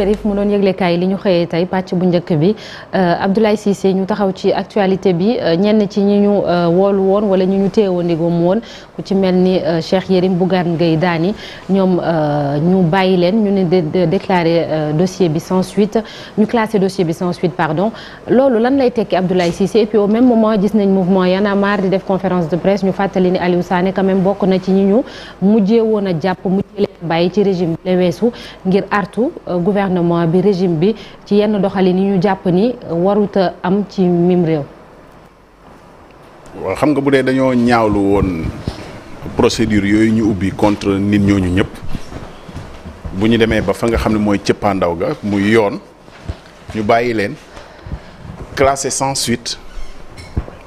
Chérif mu doon yëglekaay li ñu xëyee tey pàcc bu njëkk bi euh, Abdoulaye Cissé ñu taxaw ci actualité bi euh, ñenn ci ñi ñu euh, woolu woon wala ñi ñu téewoon ndigam woon ku ci mel ni Cheikh Yérim Bougane Gueye Dany ñoom ñu bàyyi leen ñu ne déclaré dossier bi sans suite ñu classé dossier bi sans suite pardon loolu lan lay tekki Abdoulaye Cissé et puis au même moment gis nañ mouvement Y'en a marre di def conférence de presse ñu fàttali ni Aliou Sané quand bokk na ci ñi ñu mujjee woon a jàpp mujjee leen ci gouvernement bi régime bi ci yenn doxalin yi ñu jàpp ni waruta am ci mim réew. waaw xam nga bu dee dañoo ñaawlu woon procédure yooyu ñu ubbi contre nit ñooñu ñëpp bu ñu demee ba fa nga xam ne mooy cëppaandaw ga muy yoon ñu bàyyi leen classé sans suite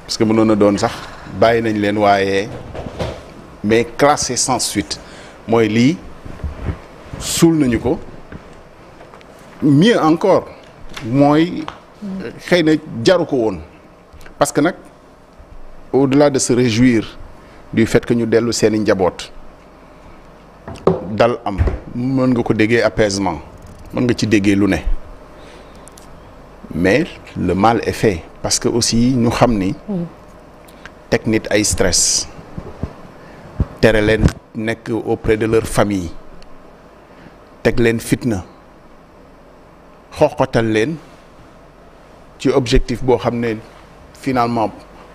parce que mënoon na doon sax bàyyi nañ leen waaye mais classé sans suite mooy lii suul nañu ko. mieux encore mooy xëy na jaru ko woon parce que nag au-delà de se réjouir du fait que ñu dellu seeni njaboot dal am mën nga ko déggee apaisement mën nga ci déggee lu ne mais le mal est fait parce que aussi ñu xam ni teg nit ay stress tere leen nekk au auprès de leur famille teg leen fitna xoqatal leen ci objectif boo xam ne finalement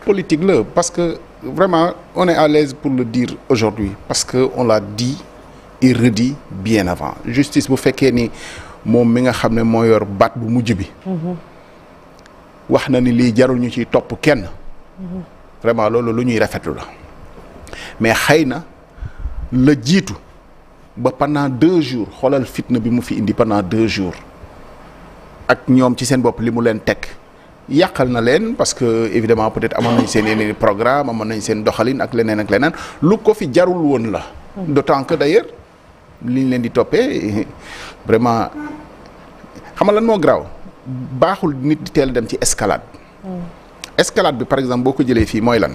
politique la parce que vraiment on est à l'aise pour le dire aujourd'hui parce que on l'a di et redit bien avant justice bu fekkee ni moom mi nga xam ne moo yor baat bu mujj bi wax na ni lii jarul ñu ciy topp kenn vraiment loolu lu ñuy rafetlu la mais xëy na la jiitu ba pendant deux jours xoolal fitna bi mu fi indi pendant deux jours ak ñoom ci seen bopp li mu leen teg yàqal na leen parce que évidemment peut-être amoon nañ seen yeneen programme amoon nañ seen doxalin ak leneen ak leneen lu ko fi jarul woon la. d'autant que d'ailleurs liñ leen di toppee vraiment xam nga lan moo garaaw baaxul nit di teel dem ci escalade. Hmm. escalade bi par exemple boo ko jëlee fii mooy lan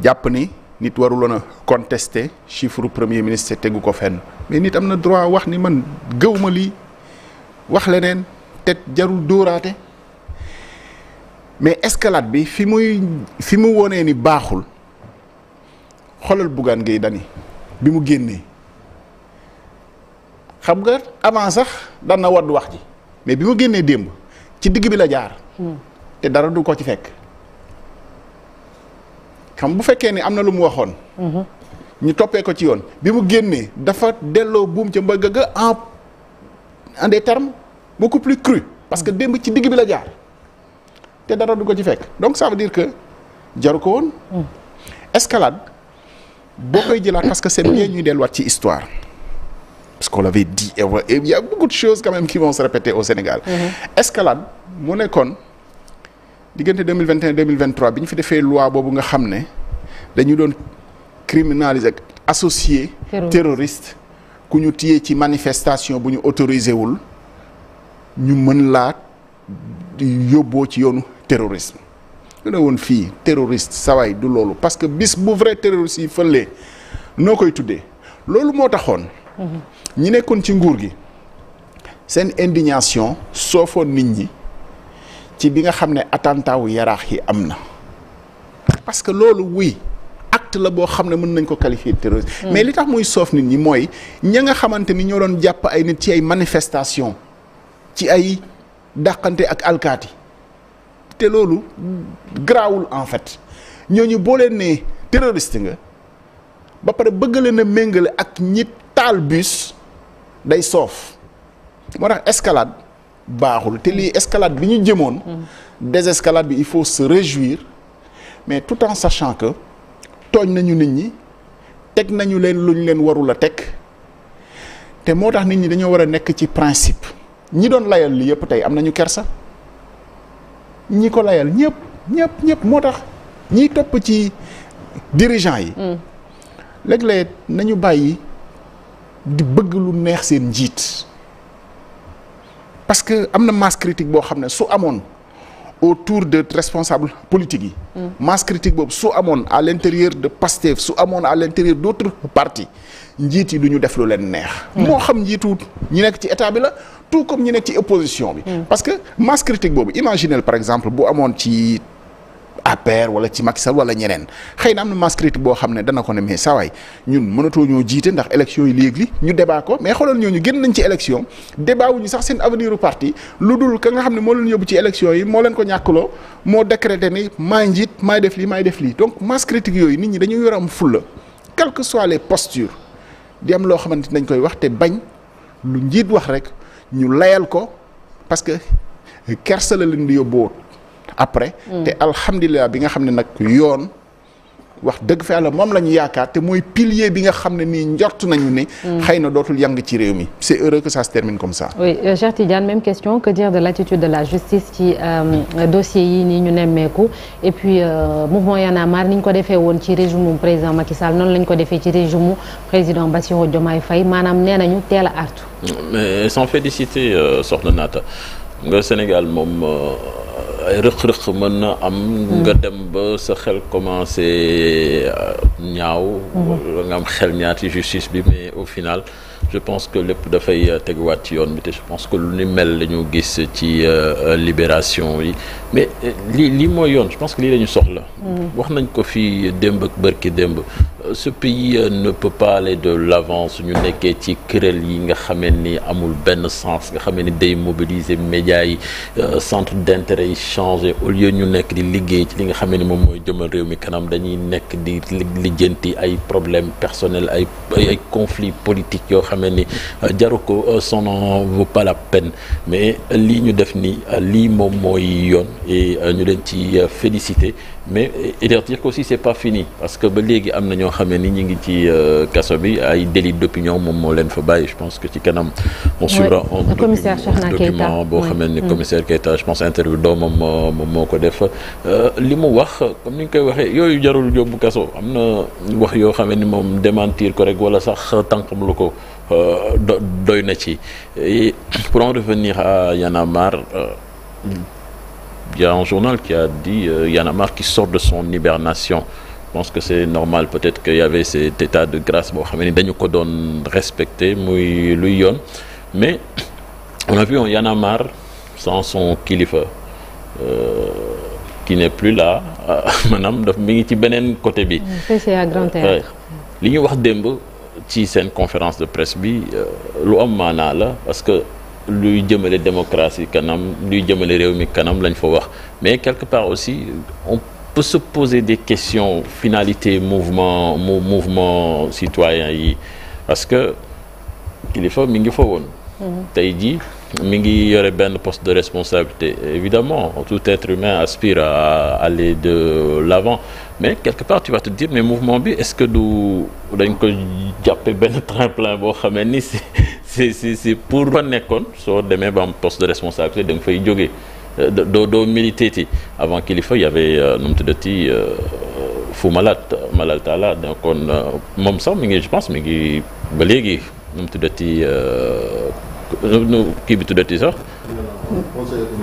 jàpp ni nit waruloon a contester chiffre premier ministre tegu ko fenn mais nit am na droit wax ni man gëw ma lii. wax leneen te jarul dóoraate mais escalade bi fi muy fi mu wonee ni baaxul xolal Bougane Gueye Dany bi mu génnee xam nga avant sax daan na wadd wax ji mais bi mu génnee démb ci digg bi la jaar hmm. te dara du ko ci fekk xam bu fekkee ni am na lu mu waxoon hmm. ñu toppee ko ci yoon bi mu génnee dafa delloo buum ca mbëgg ga en en des termes beaucoup plus crus parce que démb ci digg bi la jaar te dara du ko ci fekk donc ça veut dire que jaru ko woon hmm. escalade boo koy jëlaat parce que c'est bien ñuy delluwaat ci histoire parce qu'on l'avait dit et il y a beaucoup de choses quand même qui vont se répéter au Sénégal hmm. escalade mu nekkoon diggante 2021 2023 bi ñu fi defee loi boobu nga xam ne dañu doon criminaliser associé terroriste ku ñu téye ci manifestation bu ñu autorisé wul ñu mën laa yóbboo ci yoonu terrorisme lu ne woon fii terroriste saway du loolu parce que bis bu vrai terroriste yi fëlee noo koy tuddee loolu moo taxoon ñi nekkoon ci nguur gi seen indignation soofoon nit ñi ci bi nga xam ne attentat wu yaraax yi am na parce loolu oui acte la boo xam ne mën nañ ko qualifier de hmm. mais li tax muy soof nit ñi mooy ña nga xamante ni ñoo doon jàpp ay nit ci ay manifestation ci ay dàqante ak alkaati te loolu garaawul en fait ñooñu boo leen ne terroriste nga ba pare bëgg leen a méngale ak ñi taal bus day soof moo tax escalade baaxul te lii escalade bi ñu jëmoon hmm. désescalade bi il faut se réjouir mais tout en sachant que tooñ nañu nit ñi teg nañu leen lu ñu leen warul a teg te moo tax nit ñi dañoo war a nekk ci principe ñi doon layal li yëpp tey am nañu kersa ñi ko layal ñëpp ñëpp ñëpp moo tax ñi topp ci dirigeant yi. Mm. léeg-léeg nañu bàyyi di bëgg lu neex seen njiit parce que am na masse critique boo xam ne su amoon. autour de responsables politiques yi. Mm. masse critique boobu su amoon à l'intérieur de Pastef su amoon à l'intérieur d'autres partis njiit yi du ñu def lu leen neex. Mm. moo xam njiitu ñi nekk ci état bi la tout comme ñi nekk ci opposition bi. Mm. parce que masse critique boobu imaginez par exemple bu amoon ci. APR wala ci Macky Sall wala ñeneen xëy na am na masse boo xam ne dana ko ne mais sawaay ñun mënatoo ñoo jiite ndax élection yi léegi li ñu débat ko mais xoolal ñooñu génn nañ ci élection débat wuñu sax seen avenir u parti lu dul ka nga xam ne moo leen yóbbu ci élection yi moo leen ko ñàkkaloo moo décrété ni maa njiit maa def lii maay def lii donc masse critique yooyu nit ñi dañuy yor am fulla quelles que soient les di am loo xamante nañ koy wax te bañ lu njiit wax rek ñu layal ko parce que kersa la leen di yóbboo après. Mm. te alhamdulilah bi nga xam ne nag yoon. wax dëgg fa yàlla moom la ñu yaakaar te mooy pilier bi nga xam ne nii njort nañu ne. Mm. xëy na dootul yàng ci réew mi c' est heureux que ça se termine comme ça. oui euh, même question que dire de l' de la justice ci euh, dossier yi nii ñu nemmeeku et puis euh, mouvement Y en a ni ñu ko defee woon ci régime président Macky Sall noonu la ñu ko defee ci régime président Bassirou Diomaye Faye maanaam nee nañu teel a artu. mais sans féliciter euh, soxna Naata ay rëq-rëq mën na am mm-hmm. nga dem ba sa xel commencé euh, ñaaw mm-hmm. wala nga am xel ñaati justice bi mais au final je pense que lépp dafay euh, teguwaat ci yoon bi te je pense que lu ni mel la ñu gis ci euh, euh, libération yi mais li li mooy yoon je pense que lii la ñu soxla. Mm. wax nañ ko fi démb ak bërki démb. ce pays ne peut pas aller de l'avant ñu nekkee ci kuréel yi nga xame ni amul benn sens nga xamee ni day mobiliser médias yi centre d'intérêt yi changé au lieu ñu nekk di liggéey ci li nga xamee ni moom mooy jëmal réew mi kanam dañuy nekk di lijjanti ay problème personnel ay ay conflits politiques xamee ni euh, jaru ko euh, ça n'en vaut pas la peine mais lii ñu def nii lii moom mooy yoon et euh, ñu leen ci félicité mais eh, dire dire aussi c'est pas fini parce que ba léegi am na ñoo xam ne ni ñu ngi ci euh, kaso bi ay délit d'opinion moom moo leen fa bàyyi je pense que ci kanam on suivra un document boo xam ne commissaire Keita je pense interview doomam moom moo ko def euh, li mu wax comme ni ñu koy waxee yooyu jarul yóbbu kaso am na wax yoo xam ni moom démentir ko rek wala sax tànkam lu ko euh, doy na ci pour en revenir à Y'en a il y a un journal qui a dit euh, Y en a marre qui sort de son hibernation je pense que c'est normal peut-être qu'il y avait cet état de grâce boo xam dañu ko respecter muy luy yoon mais on a vu un en a sans son kilifa euh, qui n'est plus là maanaam daf mi ngi ci beneen côté bi. Mm, à li ñu wax démb ci seen conférence de presse bi euh, lu am maanaa la parce que. luy jëmale démocratie kanam luy jëmale réew mi kanam lañu fo wax mais quelque part aussi on peut se poser des questions finalité mouvement mou, mouvement citoyen yi parce que kilifa mi ngi fa woon mhm. tey jii mi ngi yore benn poste de responsabilité évidemment tout être humain aspire à aller de l'avant mais quelque part tu vas te dire mais mouvement bi est-ce que du dañ ko jàppe benn tremplin boo xamee ni si c'est si c'est pour fa nekkoon soo demee bam am poste de responsabilité da nga fay jógee euh, doo doo militeeti avant kilifa y avait euh, nu mu tuddati euh, Fou Malade Malal Talla kon moom sax mi ngi je pense mi ngi ba léegi nu mu tuddati kii bi tuddati sax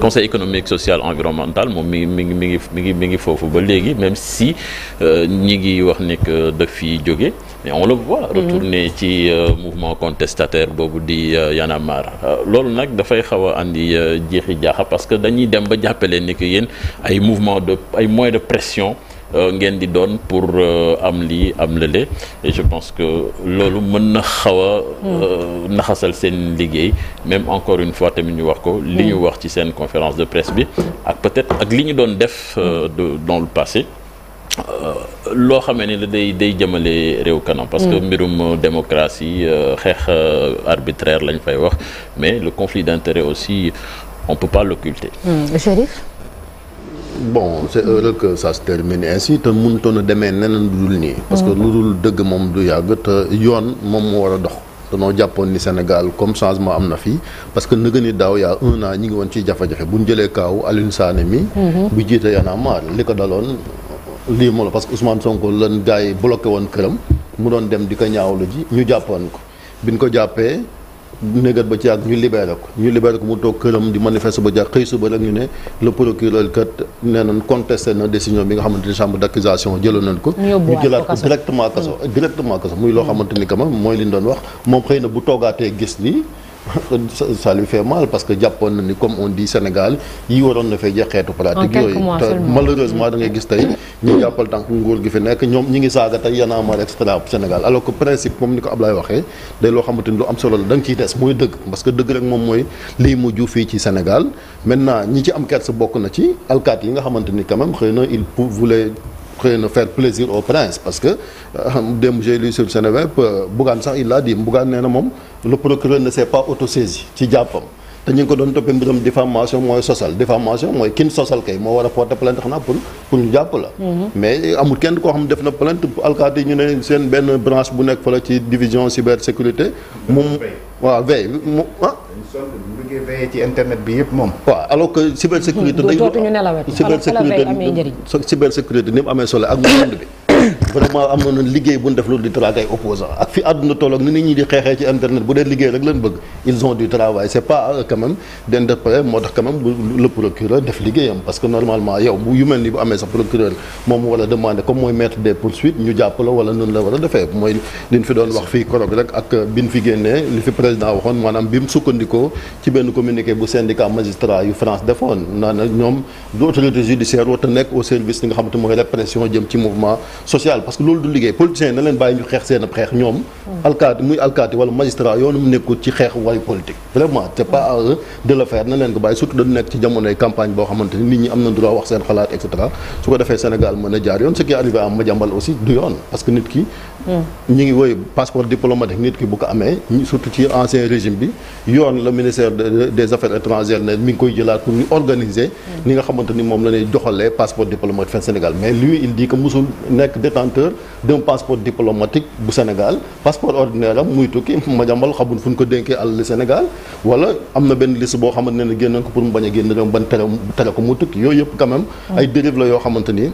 conseil économique social environnemental moom mi mi ngi mi ngi mi ngi mi ngi foofu ba léegi même si euh, ñi ngi wax ni que daf fi jóge mais on le voit mm-hmm. retourner ci euh, mouvement boobu di euh, Y'en a loolu nag dafay xaw a andi jeexi jaaxa parce que dañuy dem ba jàppale ni que yéen ay mouvement de ay moyens de pression Euh, ngeen di doon pour euh, am lii am lële et je pense que loolu mën na xaw a hmm. euh, naxasal seen liggéey même encore une fois tamit ñu wax ko li ñu hmm. wax ci seen conférence de presse bi ak peut-être ak li ñu doon def hmm. dans le passé loo xamee ni la day day jëmale réew kanam parce que mbirum démocratie xeex arbitraire lañ fay wax mais lu conflit d'intérêt aussi on peut pas l'occulter bon c'est heureux que ça se termine ainsi te mënutoon a demee neneen lu dul nii. parce que lu dul dëgg moom du yàgg te yoon moom moo war a dox. danoo jàppoon ni Sénégal comme changement am na fii parce que nëgë ni daaw yaa un an ñi ngi woon ci jafe-jafe bu ñu jëlee kaaw Alioune Sané mi. Mhm. bu jiite Y'en a marre li ko daloon lii moo la parce que Ousmane Sonko lan gars yi woon këram mu doon dem di ko ñaawlu ji ñu jàppoon ko bi ñu ko jàppee. négat ba ci ak ñu libéré ko ñu libéré ko mu toog këram di manifester ba jàg xëy suba rek ñu ne le procureur kat nee nañ contesté na décision bi nga xamante ni chambre d'accusation jëloon ko ñu jëlaat ko directement kaso mm. directement kaso muy loo xamante ni mooy li ñu wax moom xëy na bu toogaatee gis ni ça lui fait parce que jàppoon na ni comme on dit Sénégal yi waroon na fay jeexeetu pratique yooyu te malheureusement da gis tey ñu jàppal tànk nguur gi fi nekk ñoom ñi ngi saaga tey yanaamar extra Sénégal alors que principe moom ni ko Ablaye waxee day loo xamante ni lu am solo la da nga ciy des mooy dëgg parce que dëgg rek moom mooy lii mujj fii ci Sénégal maintenant ñi ci am kersa bokk na ci alkaat yi nga xamante ni quand même xëy na il xëy na faire plaisir au prince parce que euh, démb j'ai lu sur Seneweb euh, Bougane sax il l'a dit Bougane nee na moom le procureur ne s'est pas autosaisi ci jàppam dañu ñu ngi ko doon toppee mbiram diffamation mooy sosal diffamation mooy kin sosal kay moo war a porter plainte xanaa pour pour ñu jàpp la. Mhm. mais amul kenn koo xam ne def na plainte alkaati ñu ne seen benn branche bu nekk fa la ci division cybersécurité. moom waaw veille mu ah. dañu ci internet bi yëpp moom. waaw alors que cybersécurité. Mhm. dootuñu nelawati cybersécurité cybersécurité ni mu amee solo ak monde bi. vraiment am na liggéey bu ñu def lu di traque ay opposants ak fi àdduna toll ak ni nit ñi di xeexee ci internet bu dee liggéey euh, mooy maître des fi doon wax fii korog rek ak biñ fi génnee li fi président waxoon maanaam bi mu sukkandikoo ci benn communiqué bu syndicat magistrat yu France defoon naa ne ñoom du autorité judiciaire warut a nekk au service li nga xamante mooy répression jëm ci mouvement sociale parce que loolu du liggéey politiciens yi na leen bàyyi ñu xeex seen ab xeex ñoom. alkaati muy alkaati wala magistrat yoonu mu nekkul ci xeex wayu politique. vraiment c'est pas à na leen ko bàyyi surtout dañu nekk ci jamonoy campagne boo xamante ni nit ñi am na droit wax seen xalaat et cetera su ko defee Sénégal mën a jaar yoon ce qui est arrivé à Madiambal aussi du yoon parce que nit ki ñu ngi woy passeport diplomatique nit ki bu ko amee surtout ci ancien régime bi yoon la ministère des affaires étrangères ne mi ngi koy jëlaat pour ñu organiser. ni nga xamante ni moom la ñuy doxalee passeport diplomatique fin Sénégal mais lui il dit que musul nekk détenteur d'un passeport diplomatique bu Sénégal passeport ordinaire muy tukki ma jàmbal xamul fu ñu ko dénkee àll Sénégal wala am na benn liste boo xamante ne génnoon ko pour mu a génn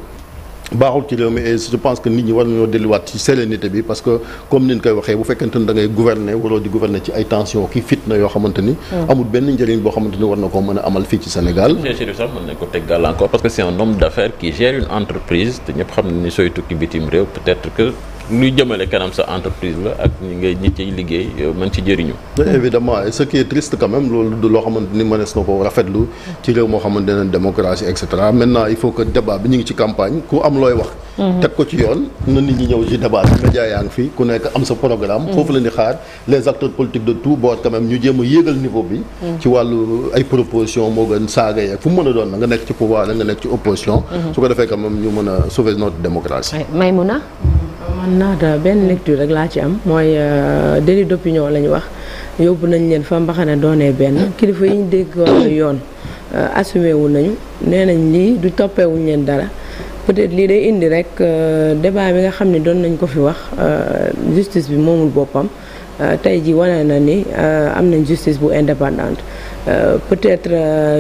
baaxul ci réew mi et je pense que nit ñi war nañoo delluwaat ci sérénité bi parce que comme ni ñu koy waxee bu fekkente ni da ngay gouverner waroo di gouverner ci ay tension ki fitna yoo xamante hmm. amul benn njëriñ boo xamante ni war na ko mën a amal fii ci Sénégal. monsieur Chérif sax mën nañu ko teg gàllankoor parce que c'est un homme d'affaires qui gère une entreprise te ñëpp xam ni sooy tukki bitim réew peut-être que. luy jëmale kanam sa entreprise la ak ñi ngay ñi ciy liggéey mën ci jëriñu. évidemment et ce qui est triste quand loolu du loo xamante ni mënees na ko rafetlu ci réew moo xamante ne démocratie et cetera maintenant il faut que débat bi ñu ngi ci campagne ku am looy wax. Mhm. teg ko ci yoon na nit ñi ñëw ci débat bi média yaa ngi ku nekk am sa programme. Mhm. foofu la ni xaar les acteurs politiques de tout bord quand ñu jéem a yéegal niveau bi. Mhm. ci wàllu ay proposition a doon a sauver man naata benn lecture rek laa ci am mooy euh, délit d'opinion la ñu wax yóbbu nañ leen fa mbaxane doonee benn kilifa yi ñu dégg yoon euh, assumé wu nañu nee nañ lii du toppeewuñ leen dara peut lii day indi rek euh, débat bi nga xam ne doon nañ ko fi wax justice bi moomul boppam tey ji wane na ni am nañ justice bu indépendante peut-être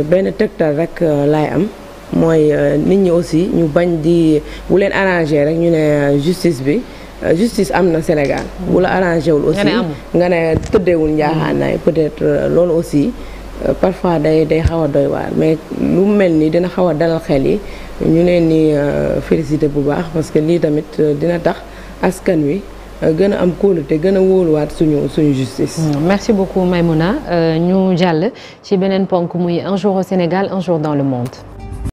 benn tegtal rek laay am mooy euh, nit ñi aussi ñu bañ di bu leen arrangé rek ñu ne justice bi euh, justice am na Sénégal bu la arrangé wul aussi nga ne tëddeewul njaaxaanaay peut-être euh, loolu aussi parfois day day xaw a doy waar mais lu mel ni dina xaw a dalal xel yi ñu leen ni félicité bu baax parce que lii tamit dina tax askan wi gën a am te gën a wóoluwaat suñu suñu justice. Hmm, merci beaucoup Maimouna ñu jàll ci beneen ponk muy un jour au Sénégal un jour dans le monde.